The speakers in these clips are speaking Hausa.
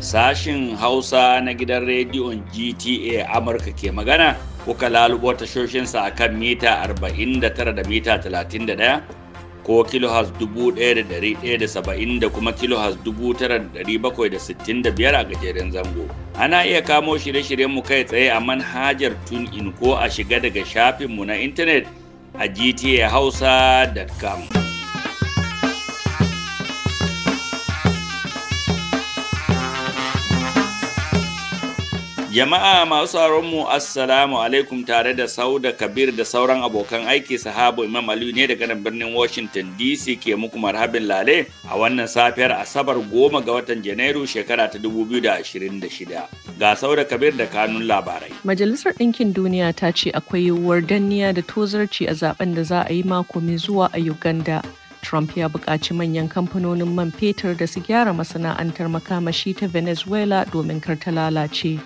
Sashin Hausa na gidan rediyon GTA Amurka ke magana kuka lalubo tashoshinsa a kan mita 49 da mita 31 ko kilohas 1170 da kuma kilohas 9765 a gajeren zango. Ana iya kamo shirye-shiryenmu kai tsaye a manhajar tun in ko a shiga daga shafinmu na intanet. a gta hausa.com Jama'a masu mu Assalamu alaikum tare da Sauda Kabir da sauran abokan aiki sahabo Imam Aliyu ne daga nan birnin Washington DC ke muku marhabin lale a wannan safiyar Asabar goma ga watan Janairu shekara ta 2026. Ga Sauda Kabir da kanun labarai. Majalisar Ɗinkin Duniya ta ce akwai yiwuwar danniya da tozarci a zaben da za a yi mako mai zuwa a Uganda. Trump ya buƙaci manyan kamfanonin man fetur da su gyara masana'antar makamashi ta Venezuela domin kar ta lalace.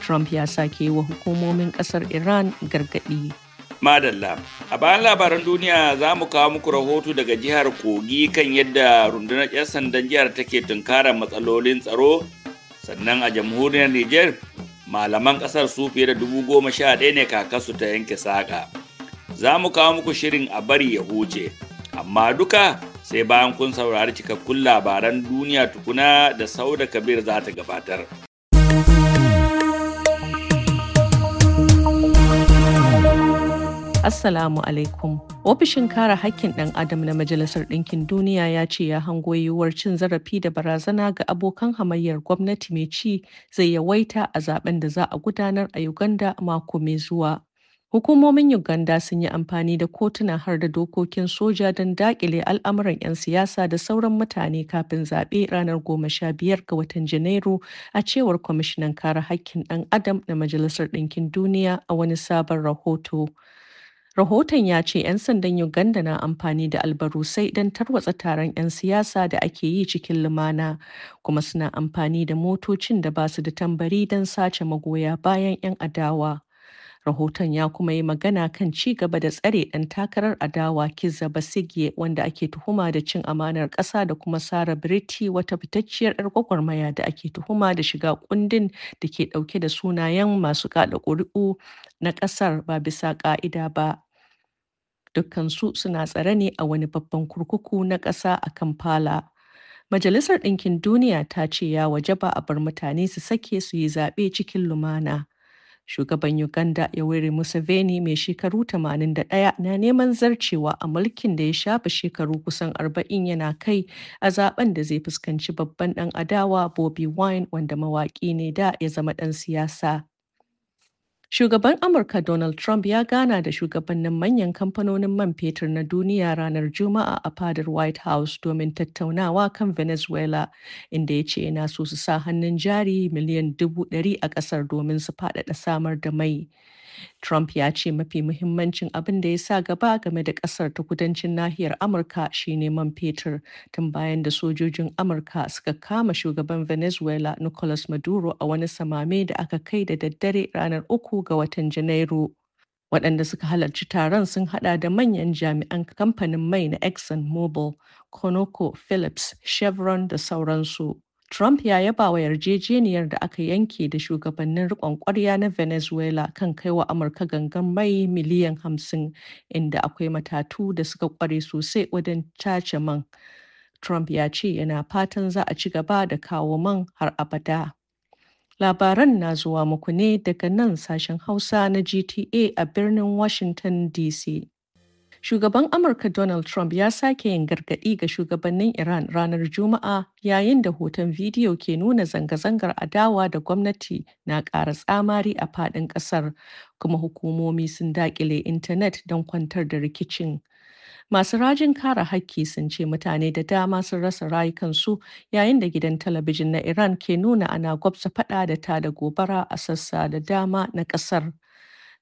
Trump ya sake wa hukumomin kasar Iran gargaɗi. Madalla, a bayan labaran duniya za mu kawo muku rahoto daga jihar Kogi kan yadda rundunar 'yan sandan jihar take tunkarar matsalolin tsaro, sannan a jamhuriyar Nijar malaman ƙasar su fiye da dubu goma sha ɗaya ne kakasu ta yanke saƙa. Za mu kawo muku shirin a bari ya huce, amma duka sai bayan kun saurari cikakkun labaran duniya tukuna da Sauda Kabir za ta gabatar. Assalamu alaikum. Ofishin kare hakkin ɗan Adam na Majalisar Ɗinkin Duniya ya ce ya hango yiwuwar cin zarafi da barazana ga abokan hamayyar gwamnati mai ci zai yawaita a zaben da za a gudanar a Uganda mako mai zuwa. Hukumomin Uganda sun yi amfani da kotuna har da dokokin soja don daƙile al'amuran 'yan siyasa da sauran mutane kafin zaɓe ranar goma sha biyar ga watan Janairu a cewar kwamishinan kare hakkin ɗan Adam na Majalisar Ɗinkin Duniya a wani sabon rahoto. Rahoton ya ce 'yan sandan Uganda na amfani da albarusai don tarwatsa taron 'yan siyasa da ake yi cikin lumana, kuma suna amfani da motocin da ba su da tambari don sace magoya bayan 'yan adawa. Rahoton ya kuma yi magana kan ci gaba da tsare ɗan takarar adawa Kizza Besigye wanda ake tuhuma da cin amanar ƙasa da kuma Sara Biriti wata fitacciyar 'yar gwagwarmaya da ake tuhuma da shiga kundin da ke ɗauke da sunayen masu kaɗa ƙuri'u na ƙasar ba bisa ƙa'ida ba. Dukkansu suna tsare ne a wani babban kurkuku na ƙasa a Kampala. Majalisar Ɗinkin Duniya ta ce ya wajaba a bar mutane su sake su yi zaɓe cikin lumana. Shugaban Uganda Yoweri Museveni mai shekaru 81 na neman zarcewa a mulkin da ya shafa shekaru kusan 40 yana kai a zaben da zai fuskanci babban dan adawa Bobi Wine wanda mawaƙi ne da ya zama dan siyasa. Shugaban Amurka Donald Trump ya gana da shugabannin manyan kamfanonin man fetur na duniya ranar Juma'a a fadar White House domin tattaunawa kan Venezuela, inda ya ce yana so su sa hannun jari miliyan dubu ɗari a ƙasar domin su faɗaɗa samar da mai. Trump ya ce mafi muhimmancin abin da ya sa gaba game da kasar ta kudancin nahiyar Amurka shine man fetur tun bayan da sojojin Amurka suka kama shugaban Venezuela Nicolas Maduro a wani samame da aka kai da daddare ranar uku ga watan Janairu. waɗanda suka halarci taron sun hada da manyan jami'an kamfanin mai na exxon mobil conoco phillips chevron da sauransu Trump ya yaba wa yarjejeniyar da aka yanke da shugabannin riƙon ƙwarya na Venezuela kan kai wa Amurka gangan mai miliyan hamsin, inda akwai matatu da suka ƙware sosai wajen cace man. Trump ya ce yana fatan za a ci gaba da kawo man har abada. Labaran na zuwa muku ne daga nan sashen Hausa na GTA a birnin Washington DC. Shugaban Amurka Donald Trump ya sake yin gargadi ga shugabannin Iran ranar Juma'a yayin da hoton bidiyo ke nuna zanga-zangar adawa da gwamnati na ƙara tsamari a faɗin ƙasar, kuma hukumomi sun daƙile intanet don kwantar da rikicin. Masu rajin kare hakki sun ce mutane da dama sun rasa rayukansu yayin da gidan talabijin na Iran ke nuna ana gwabza faɗa da ta da gobara a sassa da dama na ƙasar.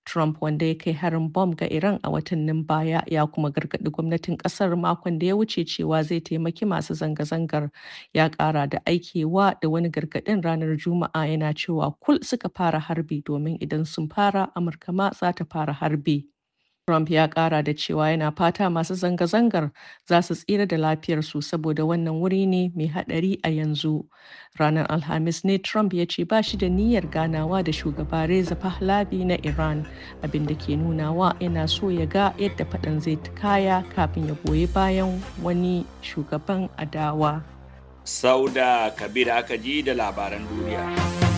Trump wanda ya kai harin bom ga Iran a watannin baya ya kuma gargaɗi gwamnatin ƙasar makon da ya wuce cewa zai taimaki masu zanga-zangar ya ƙara da aikewa da wani gargaɗin ranar Juma'a yana cewa kul suka fara harbi domin idan sun fara Amurka ma za ta fara harbi. Trump ya kara da cewa yana fata masu zanga-zangar za su tsira da lafiyarsu saboda wannan wuri ne mai haɗari a yanzu. Ranar Alhamis ne Trump ya ce ba shi da niyyar ganawa da shugaba Reza Pahlavi na Iran, abin da ke nunawa yana so ya ga yadda faɗan zai kaya kafin ya goyi bayan wani shugaban adawa. Sauda Kabir aka ji da labaran duniya.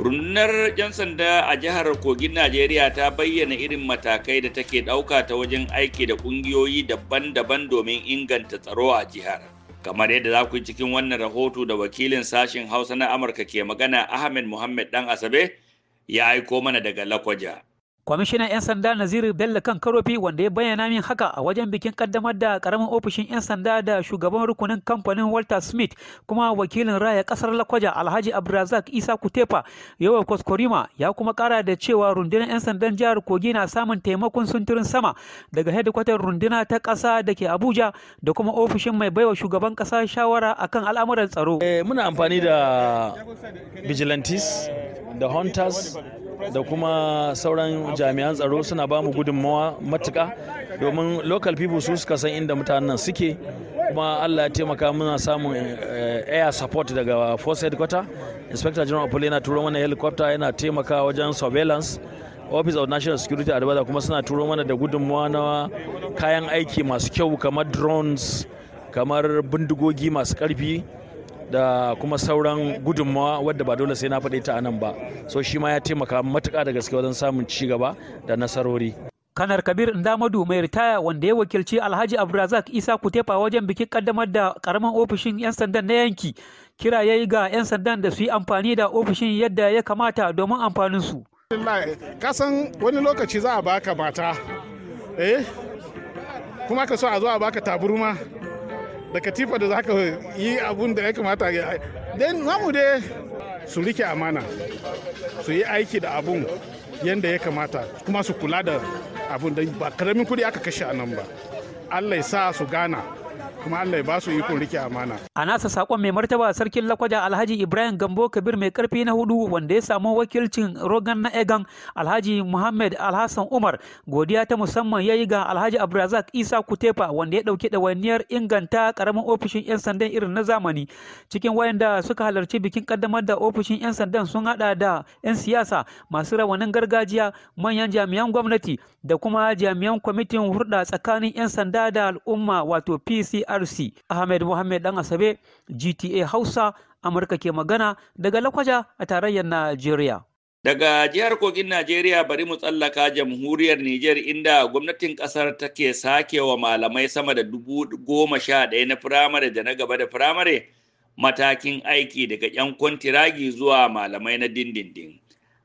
rundunar 'yan sanda a jihar kogin najeriya ta bayyana irin matakai da take ɗauka ta wajen aiki da ƙungiyoyi daban-daban domin inganta tsaro a jihar kamar yadda za ku yi cikin wannan rahoto da wakilin sashen hausa na amurka ke magana ahmed muhammad dan asabe ya aiko mana daga lakwaja kwamishinan 'yan sanda naziru bello kan karofi wanda ya bayyana min haka a wajen bikin kaddamar da karamin ofishin 'yan sanda da shugaban rukunin kamfanin walter smith kuma wakilin raya kasar lakwaja alhaji abdulrazak isa kutefa yawa koskorima ya kuma kara da cewa rundunar 'yan sandan jihar kogi na samun taimakon sunturin sama daga hedikwatar runduna ta kasa da ke abuja da kuma ofishin mai baiwa shugaban kasa shawara akan al'amuran tsaro eh, muna amfani da vigilantes da hunters da kuma sauran jami'an tsaro suna ba mu gudunmawa matuka domin local people su suka san inda mutanen suke kuma allah ya taimaka muna samun eh, air support daga force headquarter inspector general apollo yana turo mana helicopter yana taimaka wajen surveillance office of national security advisor kuma suna turo mana da gudunmawa na kayan aiki masu kyau kamar drones kamar bindigogi masu karfi da kuma sauran gudunmawa wadda ba dole sai na faɗe ta nan ba so shi ma ya taimaka matuƙa da gaske wajen samun ci gaba da nasarori kanar kabir ndamadu mai ritaya wanda ya wakilci alhaji abdulrazak isa kutefa wajen bikin kaddamar da karamin ofishin 'yan sandan na yanki kira ya yi ga 'yan sandan da su yi amfani da ofishin yadda ya kamata domin amfanin su. kasan wani lokaci za a baka mata eh kuma ka so a zo a baka taburma da katifa da za ka yi abun da ya kamata ya dan namu dai su rike amana su yi aiki da abun yadda ya kamata kuma su kula da abun da ba karamin kudi aka kashe a nan ba allah ya sa su gana kuma Allah ya ba su ikon rike amana a nasa sakon mai martaba sarkin lakwaja Alhaji Ibrahim Gambo Kabir mai karfi na hudu wanda ya samu wakilcin Rogan na Egan Alhaji Muhammad Alhassan Umar godiya ta musamman yayi ga Alhaji Abdulrazak Isa Kutefa wanda ya dauki ɗawainiyar inganta karamin ofishin 'yan sandan irin na zamani cikin wayanda suka halarci bikin kaddamar da ofishin 'yan sandan sun hada da 'yan siyasa masu rawanin gargajiya manyan jami'an gwamnati da kuma jami'an kwamitin hurɗa tsakanin 'yan sanda da al'umma wato pc RC Ahmed Mohammed Dan Asabe GTA Hausa Amurka ke magana daga Lakwaja a tarayyar Najeriya. Daga jihar Kogin Najeriya bari mu tsallaka jamhuriyar Nijar inda gwamnatin kasar take sake wa malamai sama da dubu goma sha ɗaya na firamare da na gaba da firamare matakin aiki daga 'yan kwantiragi zuwa malamai na dindindin.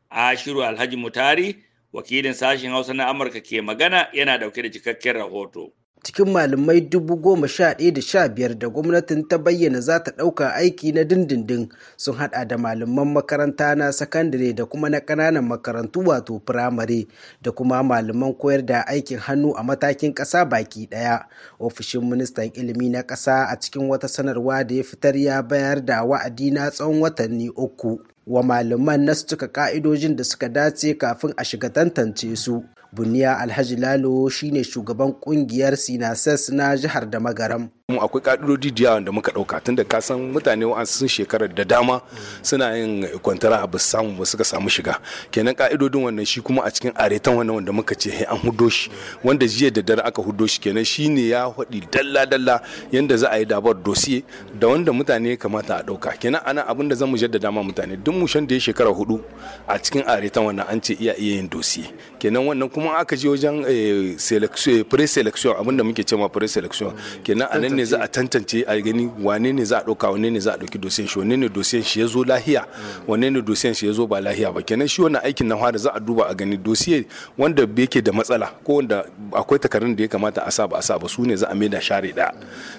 Ashiru Alhaji Mutari wakilin sashen Hausa na Amurka ke magana yana dauke da cikakken rahoto. cikin malamai dubu goma sha ɗaya da sha biyar da gwamnatin ta bayyana za ta ɗauka aiki na dindindin sun haɗa da malaman makaranta na sakandare da kuma na ƙananan makarantu wato firamare da kuma malaman koyar da aikin hannu a matakin ƙasa baki ɗaya ofishin ministan ilimi na ƙasa a cikin wata sanarwa da ya fitar ya bayar da wa'adi na tsawon watanni uku wa malaman na suka cika ka'idojin da suka dace kafin a shiga tantance su buniya alhaji lalo shine shugaban kungiyar sinases na jihar da magaram akwai ka'idodi da yawa da muka dauka tunda ka san mutane wa'an sun shekarar da dama suna yin kwantara a samu ba suka samu shiga kenan ka'idodin wannan shi kuma a cikin aretan wannan wanda muka ce an hudo shi wanda jiya da dare aka hudo shi kenan ne ya haɗi dalla dalla yanda za a yi dabar dosiye da wanda mutane kamata a dauka kenan ana abin da zamu jaddada ma mutane duk shan da ya shekara hudu a cikin aretan wannan an ce iya iya yin dosiye kenan wannan kuma aka je wajen eh, eh, pre-selection abinda muke cewa pre-selection kenan a nan ne za a tantance a gani wane ne za a ɗauka wane ne za a ɗauki dosiyan shi wane ne dosiyan shi ya zo lahiya wane ne dosiyan shi ya zo ba lahiya ba kenan shi wannan aikin na fara za a duba a gani dosiye wanda yake da matsala ko wanda akwai takarun da ya kamata a sa ba a sa ba su ne za a maida share ɗaya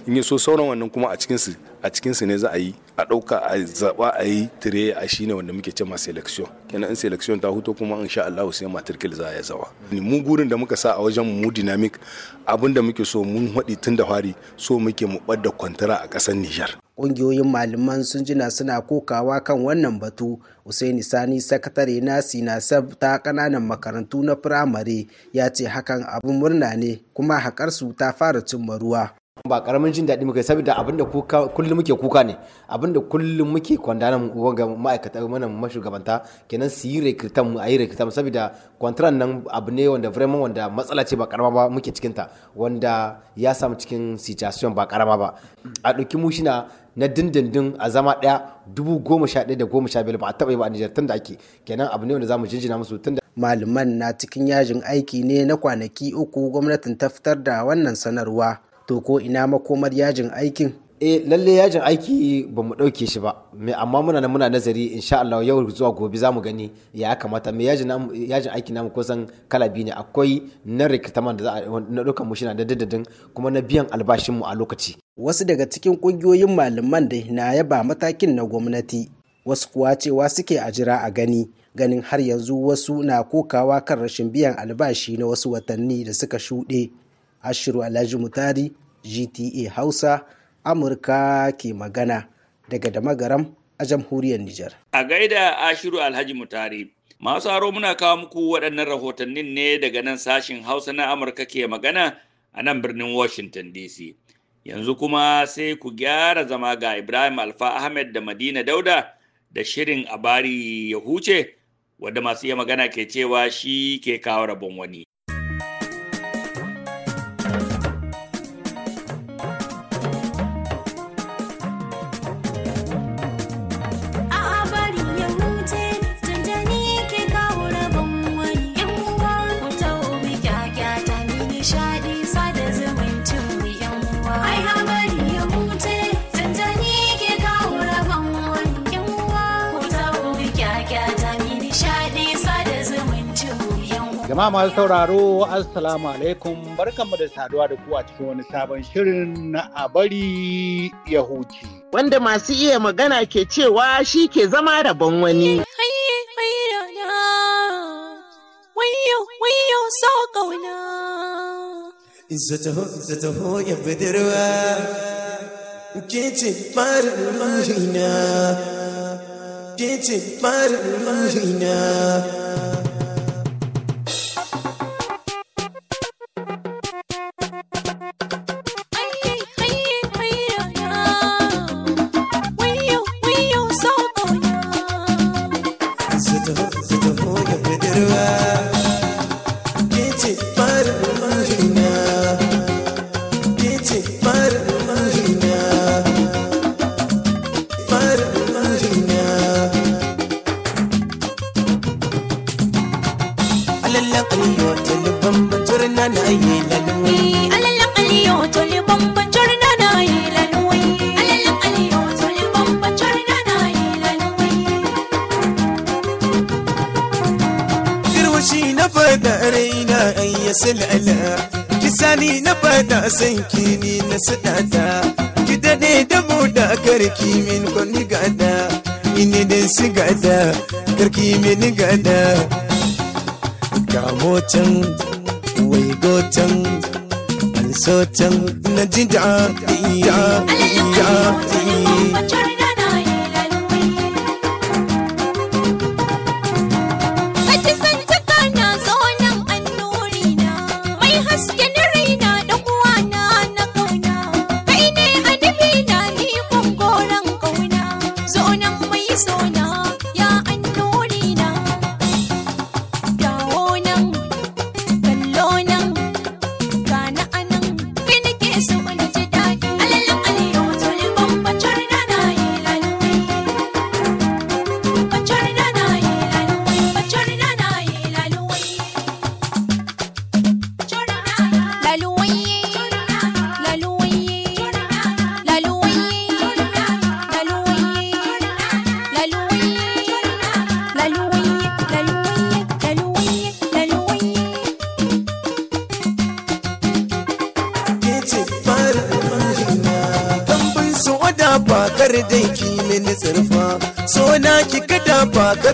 in so sauran wannan kuma a cikin su a cikin su ne za a yi a ɗauka a zaba a yi tire a shi ne wanda muke cema selection kenan in selection ta huto kuma in sha Allah sai matrikil za ya zawa mu gurin da muka sa a wajen mu dynamic abin da muke so mun haɗi tun da fari so muke mu bada kwantara a ƙasar Nijar. Ƙungiyoyin malaman sun jina suna kokawa kan wannan batu Usaini Sani sakatare na Sinasab ta ƙananan makarantu na firamare ya ce hakan abin murna ne kuma su ta fara cimma ruwa. ba karamin jin daɗi muka saboda abinda kullum muke kuka ne abinda kullum muke mu ga ma'aikata mana mashugabanta kenan su yi rekritan mu a yi rekritan saboda kwantaran nan abu ne wanda vraiment wanda matsala ce ba karama ba muke cikinta wanda ya samu cikin situation ba karama ba a ɗauki mushina na dindindin a zama ɗaya dubu goma sha ɗaya da goma sha biyar ba a taɓa yi ba a Nijar tun da ake kenan abu ne wanda za mu jinjina musu tun da malaman na cikin yajin aiki ne na kwanaki uku gwamnatin ta fitar da wannan sanarwa to ko ina makomar yajin aikin e lalle yajin aiki ba mu ɗauke shi ba mai amma muna nan muna nazari insha Allah yau zuwa gobe zamu gani ya kamata me yajin aiki namu kusan kala biyu ne akwai na rikitaman da za a na mu mushina da daddadin kuma na biyan albashin mu a lokaci wasu daga cikin kungiyoyin malaman da na yaba matakin na gwamnati wasu kuwa cewa suke a jira a gani ganin har yanzu wasu na kokawa kan rashin biyan albashi na wasu watanni da suka shuɗe Ashiru Alhaji Mutari GTA Hausa Amurka ke magana daga Damagaram a jamhuriyar Nijar. A gaida Ashiru Alhaji Mutari masu haro muna kawo muku waɗannan rahotannin ne daga nan sashin Hausa na Amurka ke magana a nan birnin Washington DC. Yanzu kuma sai ku gyara zama ga Ibrahim Alfa Ahmed da Madina Dauda da shirin abari ya huce wadda masu iya magana ke cewa shi ke kawo rabon wani. Jama'a masu sauraro, Assalamu alaikum, barkanmu da saduwa da ku cikin wani sabon shirin na a bari ya Wanda masu iya magana ke cewa shi ke zama rabon wani. Zataho, ya sal'ala ki sani na fada san ki ni na sadata ki dade da mu da karki min kon gada ine da su gada karki min gada kamo motan, wai gotan, can an so can na ji da iya iya iya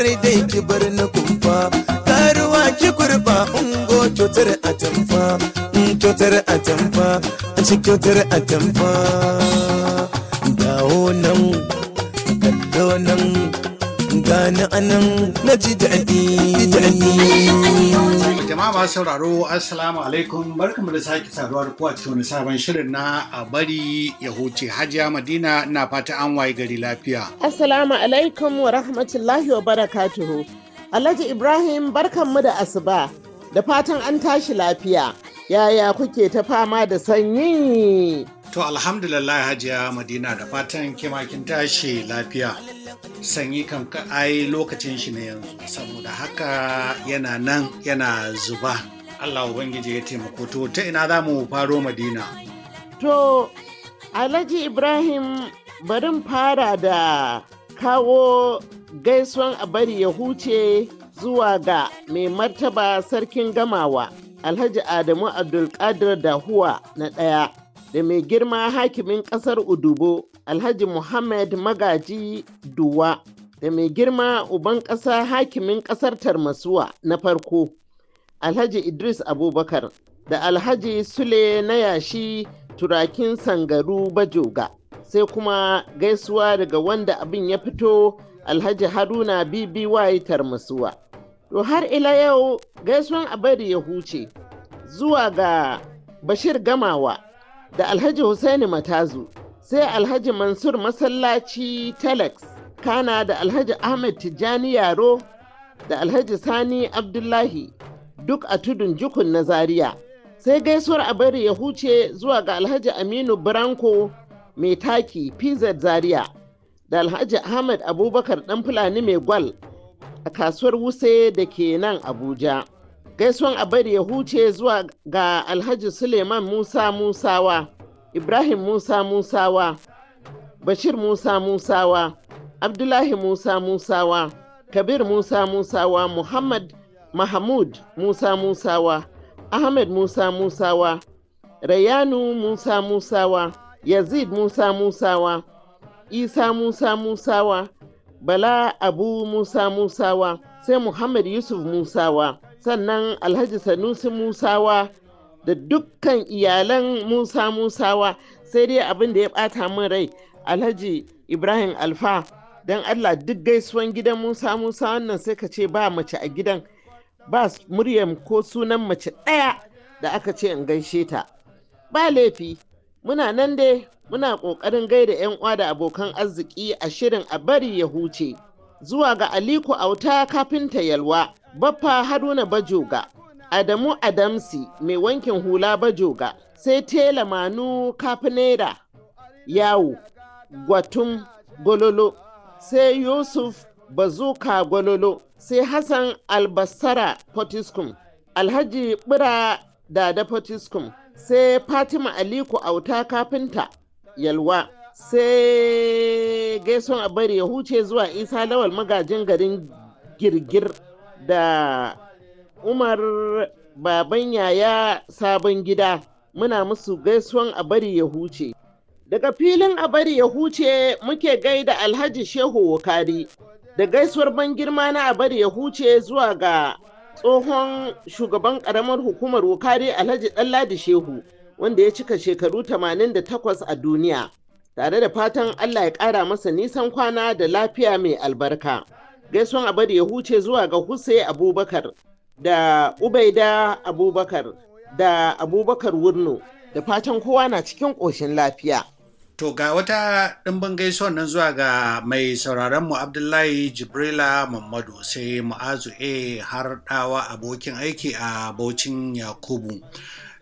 har dai ki bar ni kumfa karuwa ki kurba ungo cutar a tamfa kyautar mm, a tamfa a ci kyautar a tamfa dawo nan kallo nan gani anan na ji daɗi daɗi Jama'a masu sauraro Assalamu alaikum barkamu da sake saduwa da kuwa cikin wani sabon shirin na a bari ya huce Hajiya Madina na fata an waye gari lafiya. Assalamu alaikum wa rahmatullahi wa barakatuhu. Alhaji Ibrahim barkanmu da asuba da fatan an tashi lafiya. Yaya kuke ta fama da sanyi? To alhamdulillah hajiya Madina da fatan kima kin tashi lafiya. Sanyi kan ai lokacin shi ne yanzu saboda haka yana nan yana zuba. Allah Ubangiji ya taimako to ta ina za mu faro Madina. To Alhaji Ibrahim barin fara da kawo gaisuwan a bari ya huce zuwa ga mai martaba sarkin gamawa Alhaji Adamu Abdulkadir Dahuwa na ɗaya. da mai girma hakimin ƙasar Udubo Alhaji Muhammad Magaji Duwa da mai girma uban ƙasa hakimin ƙasar Tarmasuwa na farko Alhaji Idris Abubakar da Alhaji Sule na yashi turakin sangaru bajoga sai kuma gaisuwa daga wanda abin ya fito Alhaji Haruna BBY Tarmasuwa. To har ila yau gaisuwan abari ya huce zuwa ga Bashir Gamawa da Alhaji Hussaini Matazu, sai Alhaji Mansur Masallaci Telex, kana da Alhaji Ahmed Tijjani Yaro da Alhaji Sani Abdullahi duk a tudun jukun na Zaria. Sai gaisuwar a bari ya huce zuwa ga Alhaji Aminu Branko mai taki PZ Zaria da Alhaji Ahmed Abubakar ɗan Fulani mai gwal a kasuwar Wuse da ke nan Abuja. gaisuwan abar ya huce zuwa ga alhaji suleiman musa musawa ibrahim musa musawa bashir musa musawa abdullahi musa musawa kabir musa musawa muhammad mahmud musa musawa ahmed musa musawa rayanu musa musawa yazid musa musawa isa musa musawa bala abu musa musawa sai muhammad yusuf musawa sannan alhaji sanusi musawa da dukkan iyalan musa musawa sai dai abin da ya bata min rai alhaji ibrahim alfa don allah duk gaisuwan gidan musa musa wannan sai ka ce ba mace a gidan ba muryam ko sunan mace ɗaya da aka ce in gaishe ta ba laifi muna nan dai muna ƙoƙarin gaida 'yan uwa da abokan arziki a shirin a bari ya huce. zuwa ga Aliko Auta kafinta Yalwa, Baffa Haruna Bajoga, Adamu Adamsi mai wankin hula Bajoga, sai Tela Manu Kafinera Yawo, Gwatum Gololo, sai Yusuf Bazuka Gololo, sai Hassan Albasara Potiskum, Alhaji Bira Dada Potiskum, sai Fatima Aliko Auta kafinta Yalwa. sai gaison a bari ya huce zuwa isa lawal magajin garin girgir da umar baban yaya sabon gida muna musu gaisuwan a bari ya huce daga filin a bari ya huce muke gaida alhaji shehu wukari da gaisuwar ban girma na a bari ya huce zuwa ga tsohon shugaban karamar hukumar wukari alhaji ɗanladi shehu wanda ya cika shekaru 88 a duniya tare da fatan Allah ya ƙara masa nisan kwana da lafiya mai albarka. Gaisuwan abada ya huce zuwa ga Hussein Abubakar da Ubaida Abubakar da Abubakar Wurno da fatan kowa na cikin ƙoshin lafiya. To ga wata ɗimbin gaisuwan nan zuwa ga mai sauraronmu Abdullahi Jibrila Muhammadu sai Mu'azu har ɗawa abokin aiki a Baucin Yakubu.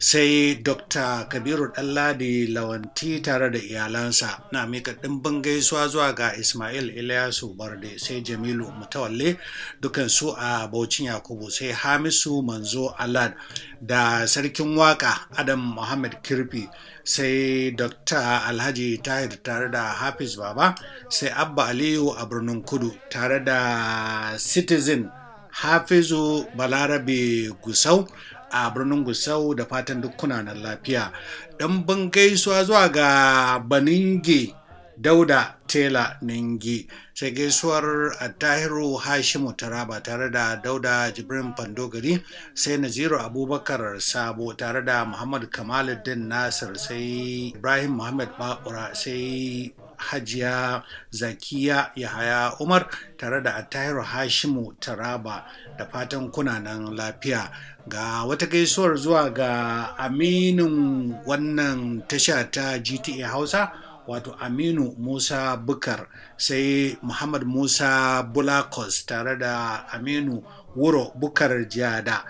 sai dr kabiru ɗanladi lawanti tare da iyalansa na mika ɗimbin gaisuwa zuwa ga ismail ilyasu barde sai jamilu mutawalle dukansu a baucin yakubu sai hamisu manzo alad da sarkin waka adam muhammad kirfi sai dr alhaji tahir tare da hafiz baba sai abba aliyu a birnin kudu tare da citizen hafizu balarabe gusau a birnin Gusau da fatan duk kunanan lafiya. Ɗan ban gaisuwa zuwa ga Baninge Dauda Tela Ningi sai gaisuwar Tahiru Hashimu Taraba tare da Dauda Jibrin Fandogari sai Naziru Abubakar Sabo tare da Muhammad Kamaluddin Nasir sai Ibrahim Muhammad Bakura sai hajiya zakiya yahaya umar tare da attahiru hashimu taraba da fatan kunanan lafiya ga wata gaisuwar zuwa ga aminin wannan tasha ta gta hausa wato aminu musa bukar sai muhammad musa bulakos tare da aminu wuro bukar jada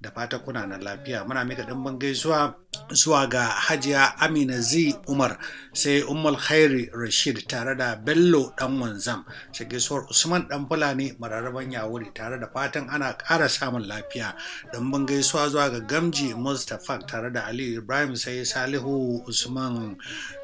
da fata kuna na lafiya muna mika ɗimbin gaisuwa zuwa ga hajiya amina z umar sai ummul khairi rashid tare da bello dan wanzam sai suwar usman dan fulani mararraban yawuri tare da fatan ana ƙara samun lafiya Don ban gaisuwa zuwa ga gamji mustapha tare da ali ibrahim sai salihu usman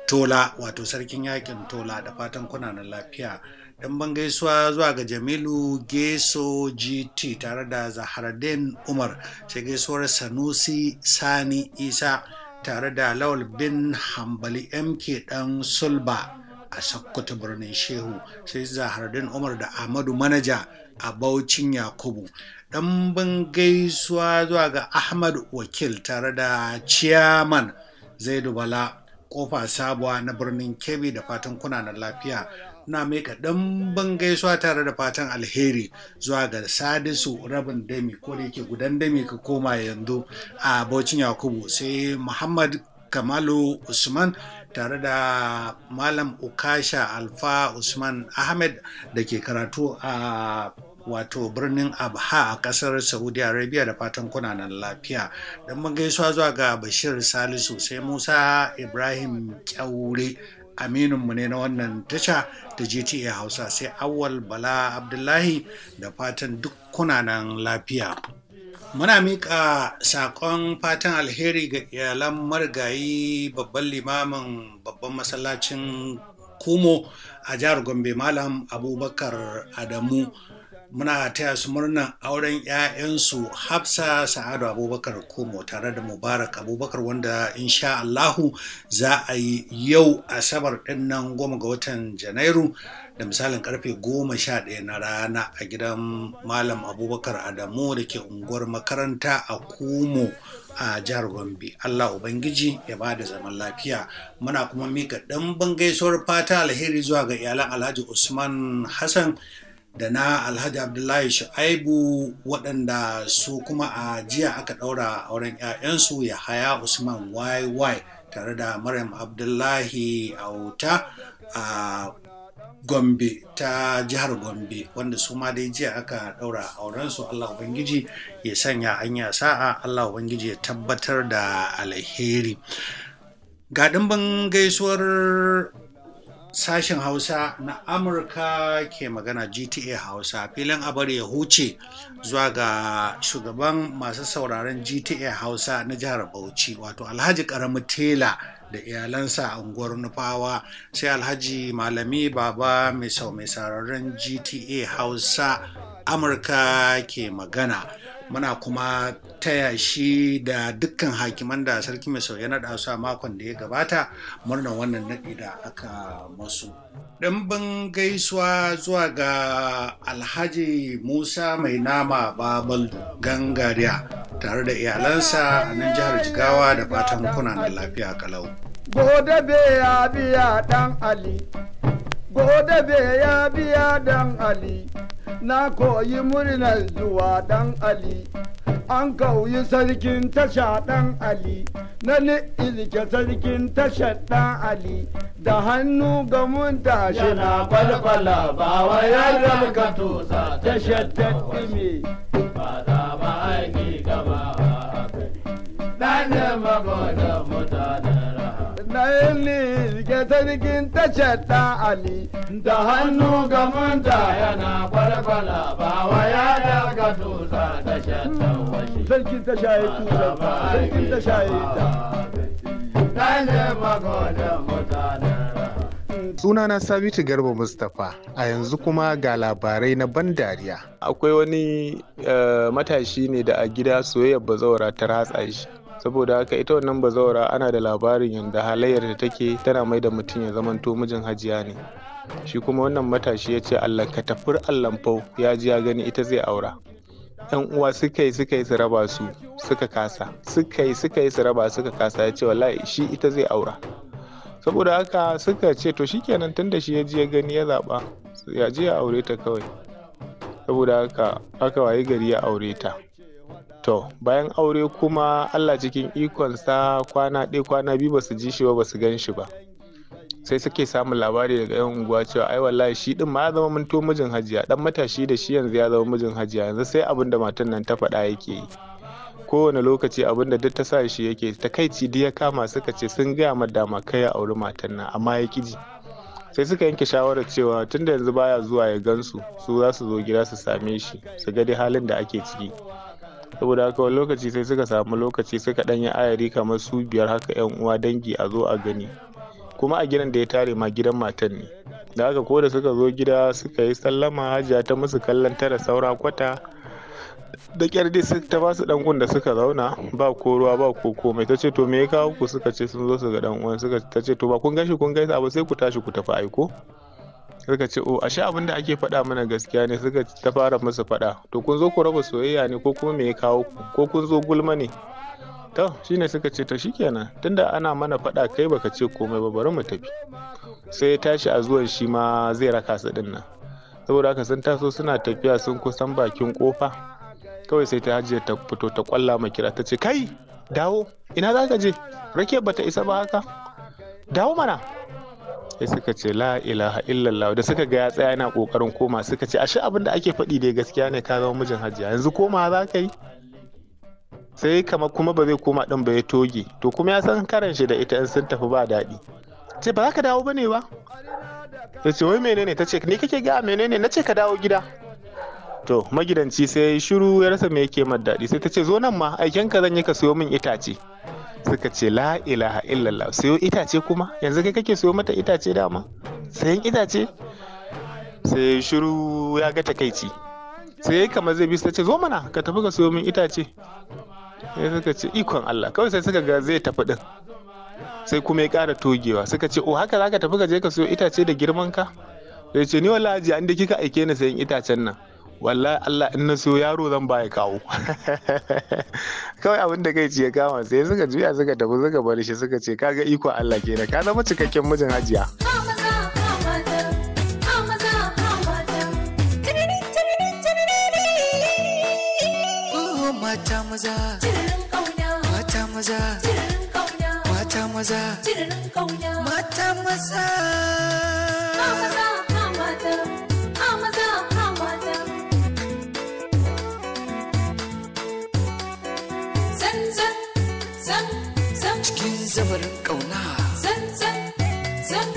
tola wato sarkin yakin tola da fatan kuna na lafiya ɗan ban gaisuwa zuwa ga jamilu geso gt tare da zaharadin umar sai gaisuwar sanusi sani isa tare da lawal bin hambali mk dan sulba a sakkwato birnin shehu sai zahardin umar da ahmadu manaja a baucin yakubu dan bin gaisuwa zuwa ga ahmad wakil tare da ciyaman zaidu bala kofa sabuwa na birnin kebbi da fatan kuna na lafiya na kaɗan ban gaisuwa tare da fatan alheri zuwa ga sadisu rabin dami ko da yake gudan dami ka koma yanzu a bocin yakubu sai muhammad kamalu usman tare da malam ukasha alfa usman ahmed da ke karatu a wato birnin abha a kasar saudi arabia da fatan kunanan nan lafiya don gaisuwa zuwa ga bashir salisu sai musa ibrahim kyaure mu ne na wannan tasha ta gta hausa sai awal bala abdullahi da fatan duk kunanan lafiya muna miƙa saƙon fatan alheri ga iyalan marigayi babban limamin babban masallacin kumo a jihar gombe malam abubakar adamu muna taya su murnan auren 'ya'yansu hafsa sa'adu abubakar komo tare da mubarak abubakar wanda insha allahu za a yi yau asabar ɗin nan goma ga watan janairu da misalin karfe goma sha ɗaya na rana a gidan malam abubakar adamu da ke unguwar makaranta a komo a jihar gombe allah ubangiji ya ba da zaman lafiya muna kuma mika ɗan gaisuwar fata alheri zuwa ga iyalan alhaji usman hassan da na alhaji abdullahi shu'aibu waɗanda su kuma a jiya aka ɗaura auren 'ya'yansu ya haya usman yy tare da maryam abdullahi auta a gombe ta jihar gombe wanda su ma dai jiya aka ɗaura aurensu allah ubangiji ya sanya anya sa'a allah ubangiji ya tabbatar da alheri ga ɗimbin gaisuwar sashen hausa na amurka ke magana gta hausa filin abar ya huce zuwa ga shugaban masu sauraron gta hausa na jihar bauchi wato alhaji karamu tela da iyalansa a unguwar nufawa sai alhaji malami baba mai sau mai sararin gta hausa amurka ke magana muna kuma taya shi da dukkan hakiman da sarki mai sauya naɗa ɗasu a makon da ya gabata murnar wannan naɗi da aka masu. Ɗimbin gaisuwa zuwa ga Alhaji Musa mai nama babal gangariya tare da iyalansa a nan jihar Jigawa da fatan kuna da lafiya kalau. ya biya dan Ali. ya biya dan Ali, na koyi murnar zuwa dan Ali, an kauyi sarkin tasha ɗan ali na ni ilke sarkin tasha ɗan ali da hannu ga mun tashi na kwalkwala ba wa yaran ka tusa tasha ta ba za ba aiki gaba ba a kai ɗan magwada mutanen na ili ke sarkin tashar ɗan ali da hannu ga manta yana barbala ba wa ya daga tusa tashar ɗan washi sarkin tasha ya ba sarkin tasha ya ta kale magodin mutanen sunana sabitu garba mustapha a yanzu kuma ga labarai na ban dariya akwai wani eh, matashi ne da a gida soyayya bazawara ta ratsa shi saboda haka ita wannan bazawara ana da labarin yadda halayyar da take tana mai da mutum ya zamanto mijin hajiya ne shi kuma wannan matashi ya ce allah ka tafur allanfau ya ji ya gani ita zai aura yan uwa suka yi suka yi su raba su suka kasa suka yi suka yi su raba suka kasa ya ce wallahi shi ita zai aura saboda haka suka ce to shikenan tunda shi ya ji ya gani ya zaba ya ji ya aure ta kawai saboda haka aka waye gari ya aure ta to bayan aure kuma allah cikin ikonsa kwana ɗaya kwana biyu basu ji shi ba basu gan shi ba sai suke samun labari daga yan unguwa cewa ai wallahi shi din ma ya zama minto mijin hajiya dan matashi da shi yanzu ya zama mijin hajiya yanzu sai abin da matan nan ta faɗa yake yi kowane lokaci abin da duk ta sa shi yake takaici duk ya kama suka ce sun gaya ma dama kai ya auri matan nan amma ya kiji sai suka yanke shawarar cewa tunda yanzu baya zuwa ya gansu su za su zo gida su same shi su ga halin da ake ciki saboda haka wani lokaci sai suka samu lokaci suka ɗanyi ayari kamar su biyar haka yan uwa dangi a zo a gani kuma a gidan da ya tare ma gidan matan ne da haka ko da suka zo gida suka yi sallama hajiya ta musu kallon tara saura kwata da kyar dai ta ba su dangun da suka zauna ba ko ruwa ba ko komai ta ce to me ya kawo ku suka ce sun zo su ga dan uwan suka ta ce to ba kun gashi kun gaisa abu sai ku tashi ku tafi aiko suka ce o oh, ashe abin da ake faɗa mana gaskiya ne suka ta fara musu faɗa to kun zo ku raba soyayya ne ko kuma me ya kawo ku ko kun zo gulma ne to shine suka ce to shikenan tunda ana mana faɗa kai baka ce komai ba bari mu tafi sai ya tashi a zuwan shi ma zai raka su din nan saboda haka sun taso suna tafiya sun kusan bakin kofa kawai sai ta hajiya ta fito ta kwalla ma kira ta ce kai dawo ina za ka je rake bata isa ba haka dawo mana sai suka ce la ilaha illallah da suka ga ya tsaya yana kokarin koma suka ce ashe abin da ake faɗi dai gaskiya ne ka zama mijin hajiya yanzu koma za ka yi sai kama kuma ba zai koma din ba ya toge to kuma ya san karan shi da ita in sun tafi ba daɗi ce ba za ka dawo ba ne ba ta ce wai menene ta ce ni kake ga menene na ce ka dawo gida to magidanci sai shiru ya rasa me yake mad daɗi sai ta ce zo nan ma aikin ka zan yi ka siyo min itace suka ce la ilaha illallah siyo itace kuma yanzu kai kake siyo mata itace dama sayan itace sai shiru ya ga takaici sai kamar zai bi su ce zo mana ka tafi ka siyo min itace sai suka ce ikon Allah kawai sai suka ga zai tafi din sai kuma ya ƙara togewa suka ce o oh, haka zaka tafi ka je ka siyo itace da girman ka sai ce ni wallahi an da kika aike ni sayan itacen nan wallahi Allah in na siyo yaro zan ba ya kawo kawai abin da kai ce ya kama sai suka juya suka tafi suka bar shi suka ce kaga iko Allah kenan ka zama cikakken mijin hajiya mata maza mata maza mata maza mata maza zamarin ƙauna. Sansan, san,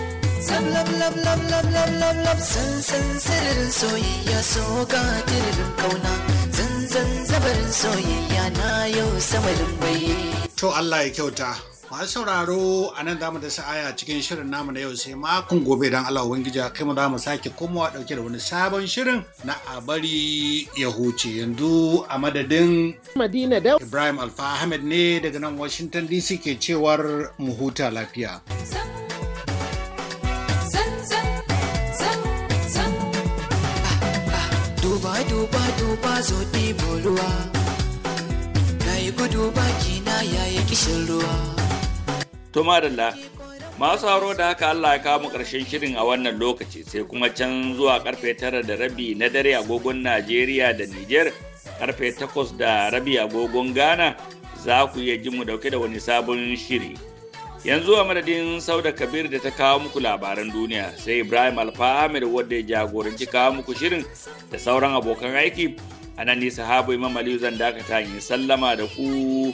san. Lab, lab, lab, lab, lab, lab, lab, sansan sirrin soyayya so ga tiririn ƙauna. Zanzan zabarin soyayya na yau samarin bai. To Allah ya kyauta. masu sauraro a nan damu da sa'aya cikin shirin namu na yau sai makon gobe don Allah Ubangiji kai mu za mu sake komawa dauke da wani sabon shirin na a bari ya huce yanzu a madadin Madina da Ibrahim Alfa Ahmed ne daga nan Washington DC ke cewar mu huta lafiya. Duba duba duba zo ɗibo ruwa, na yi gudu baki na yayi kishin ruwa. da la, masu haro da haka Allah ya kawo ƙarshen shirin a wannan lokaci sai kuma can zuwa karfe tara da rabi na dare agogon Najeriya da Nijar, karfe takwas da rabi agogon Ghana za ku iya ji mu dauke da wani sabon shiri. Yanzu a madadin Sauda Kabir da ta kawo muku labaran duniya sai Ibrahim Alfa Ahmed wadda ya jagoranci kawo muku shirin da sauran abokan aiki a nan ne sahabu imam aliyu zan dakata in sallama da ku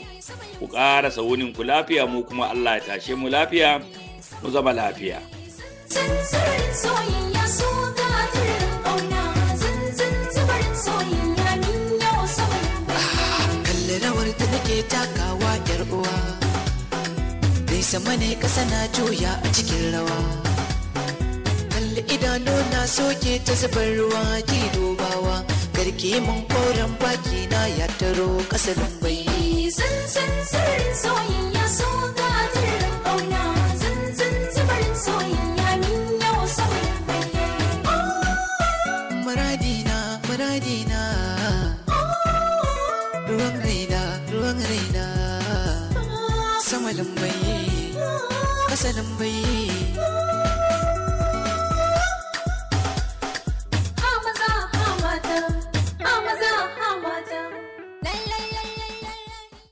ku ƙara saunin ku lafiya mu kuma allah ya tashe mu lafiya mu zama lafiya takawa uwa sama ne kasa na juya a cikin rawa kalli idanu na soke ta zubar ruwa ke dubawa garke mun koren baki na ya taro kasalin bai zan san sirrin soyin ya so ga dirin kauna zan san zubarin soyin ya min yau sauyin bai muradina muradina ruwan raina ruwan raina samalin bai kasalin bai